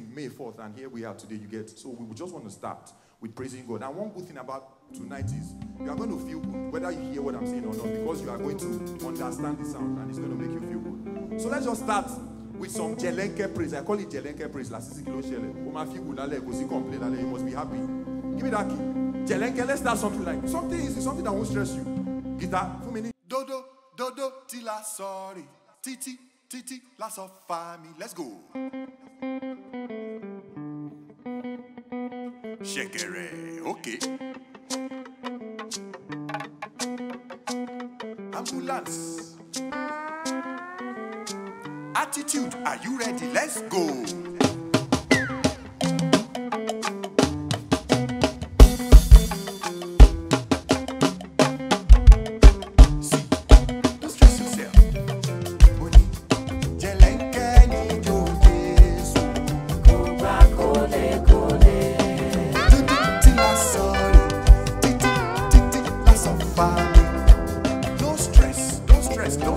May 4th, and here we are today, you get. So we just want to start with praising God. And one good thing about tonight is you are going to feel good, whether you hear what I'm saying or not, because you are going to understand the sound and it's going to make you feel good. So let's just start with some jelenke praise. I call it jelenke praise. La sisi kilo shele. Oma feel good, lale, go see complain, lale, you must be happy. Give me that key. Jelenke, let's start something like, something is something that won't stress you. Guitar, for me. Dodo, dodo, tila, sorry. Titi, titi, la so fami. Let's go. okay. Ambulance. Attitude, are you ready? Let's go.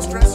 stress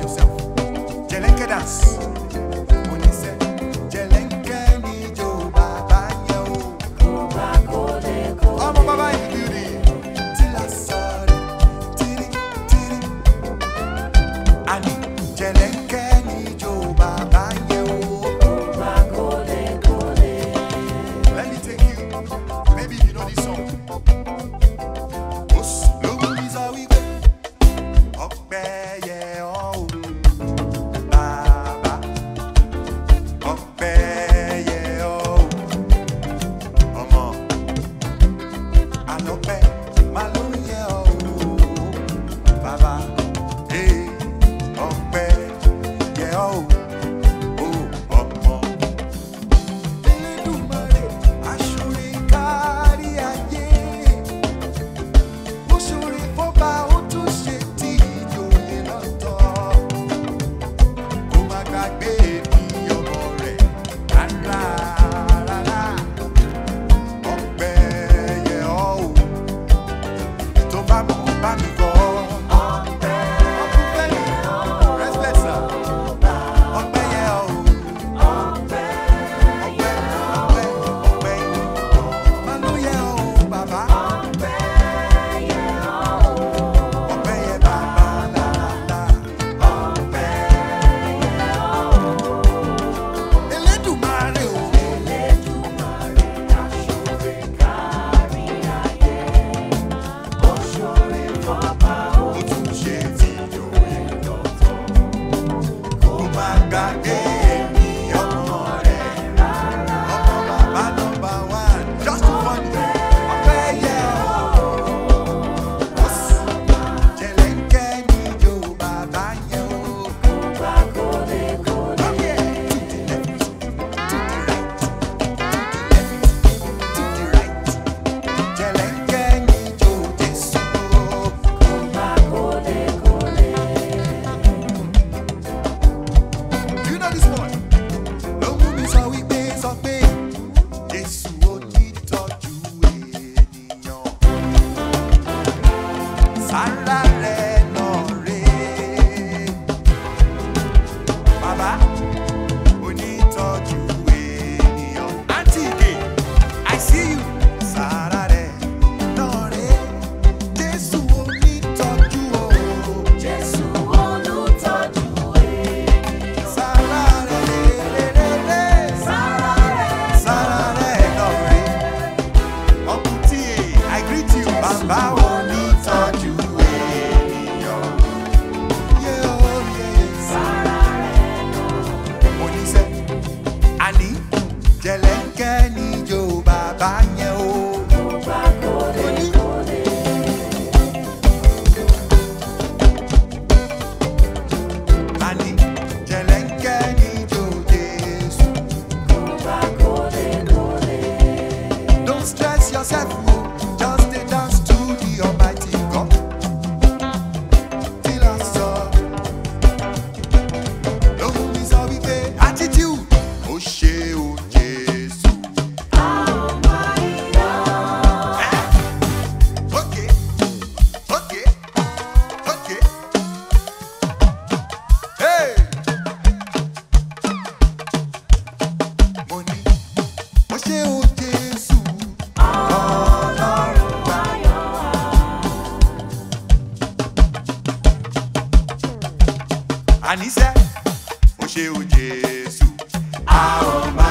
àníṣe ó ṣe o Jésù. a ò máa.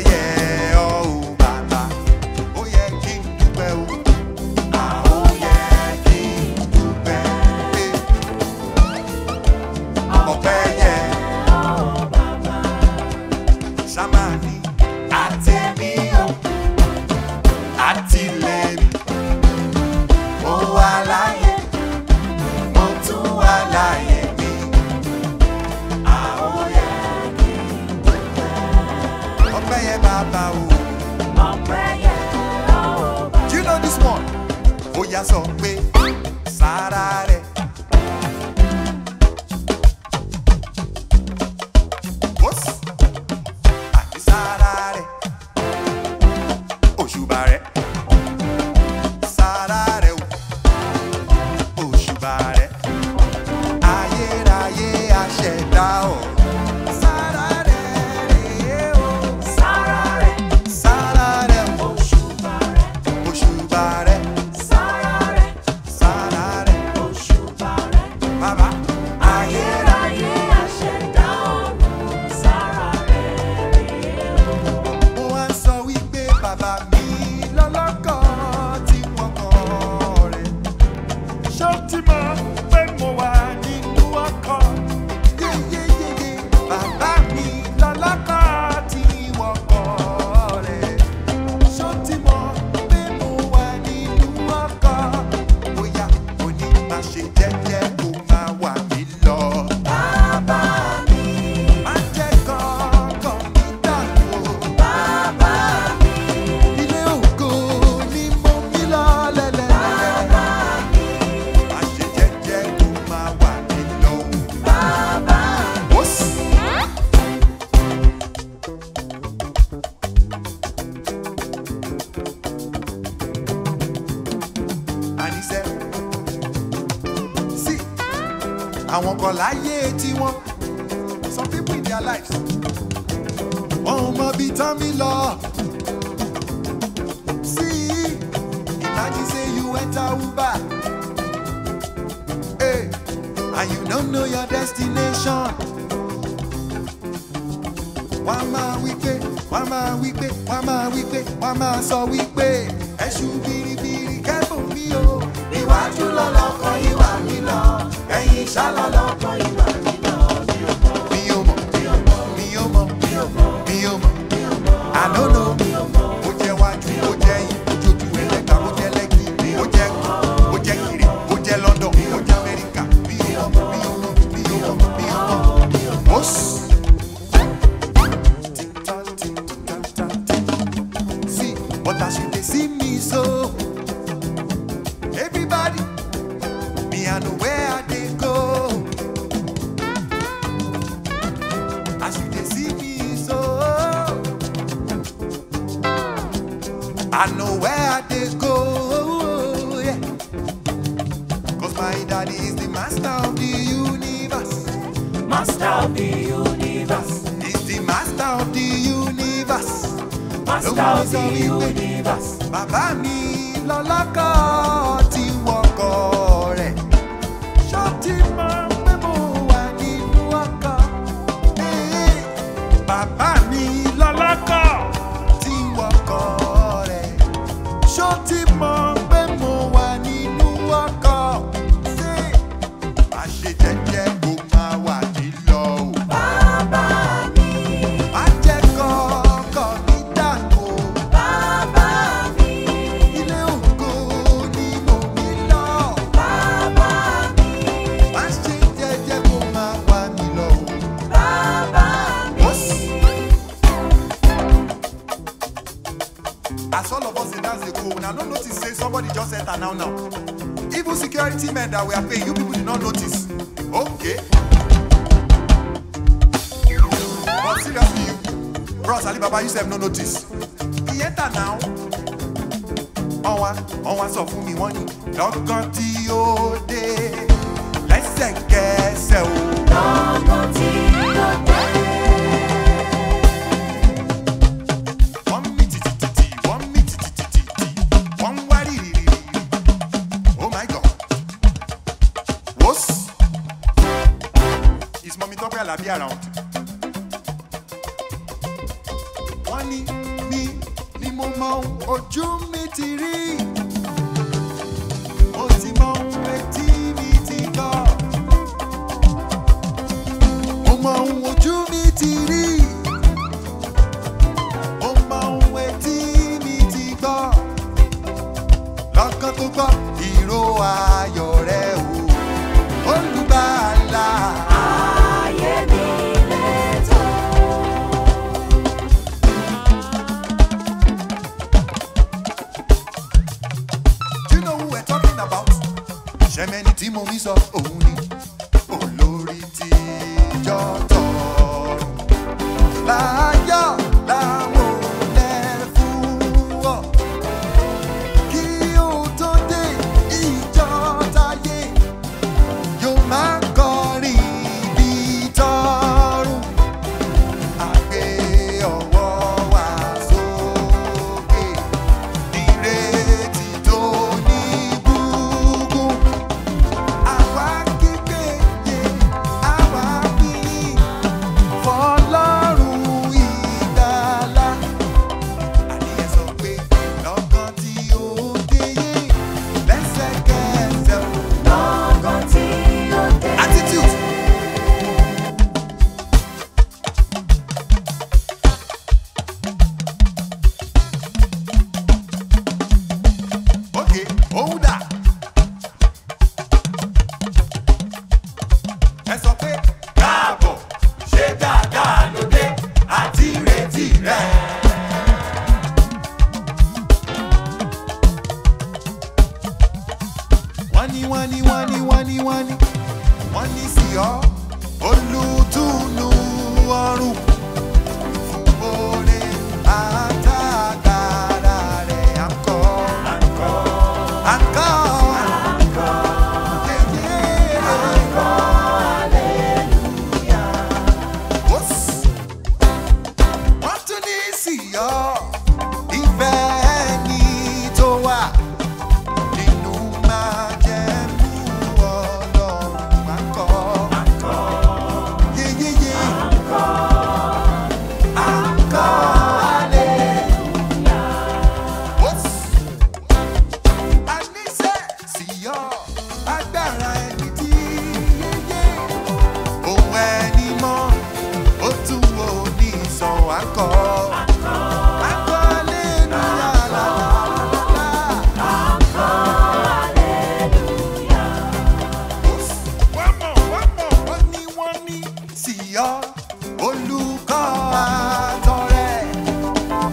yeah, yẹ bàbá o. ọpẹ́ yẹ ọba. Oh, do you know this one? ó yá sọ pé. àwọn kan láyé tiwọn some people in their lives wọn mọ bí tán mi lọ. see imagine say you enter Uber hey, and you don't know your destination. wọ́n máa wí pé wọ́n máa wí pé wọ́n máa wí pé wọ́n máa sọ wí pé ẹ̀ṣù bìrìbìrì kẹ́fù mi o iwájú lọ́la what I should see me so. the universe. the master of the universe. Master of the universe. Bàbá mi lọ́lọ́kọ̀ tí wọ́n us, Alibaba, you have no notice. He enter now. Ọ̀wá, ọ̀wá sọ fún mi wọ́n ní. Lọ́gán tí ó dé, lẹ́sẹ̀kẹsẹ̀ o. Lọ́gán tí ó dé. Oh Is mommy talking about the around? ní mi ni mo mọ ojú mi ti rí. Jesus. Oh.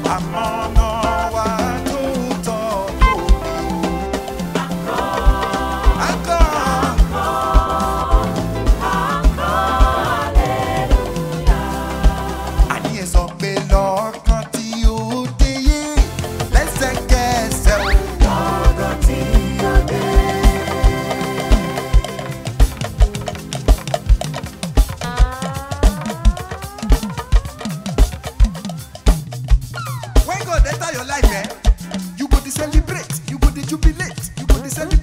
on. go dey your life eh you go to celebrate you go to jubilate you go to celebrate.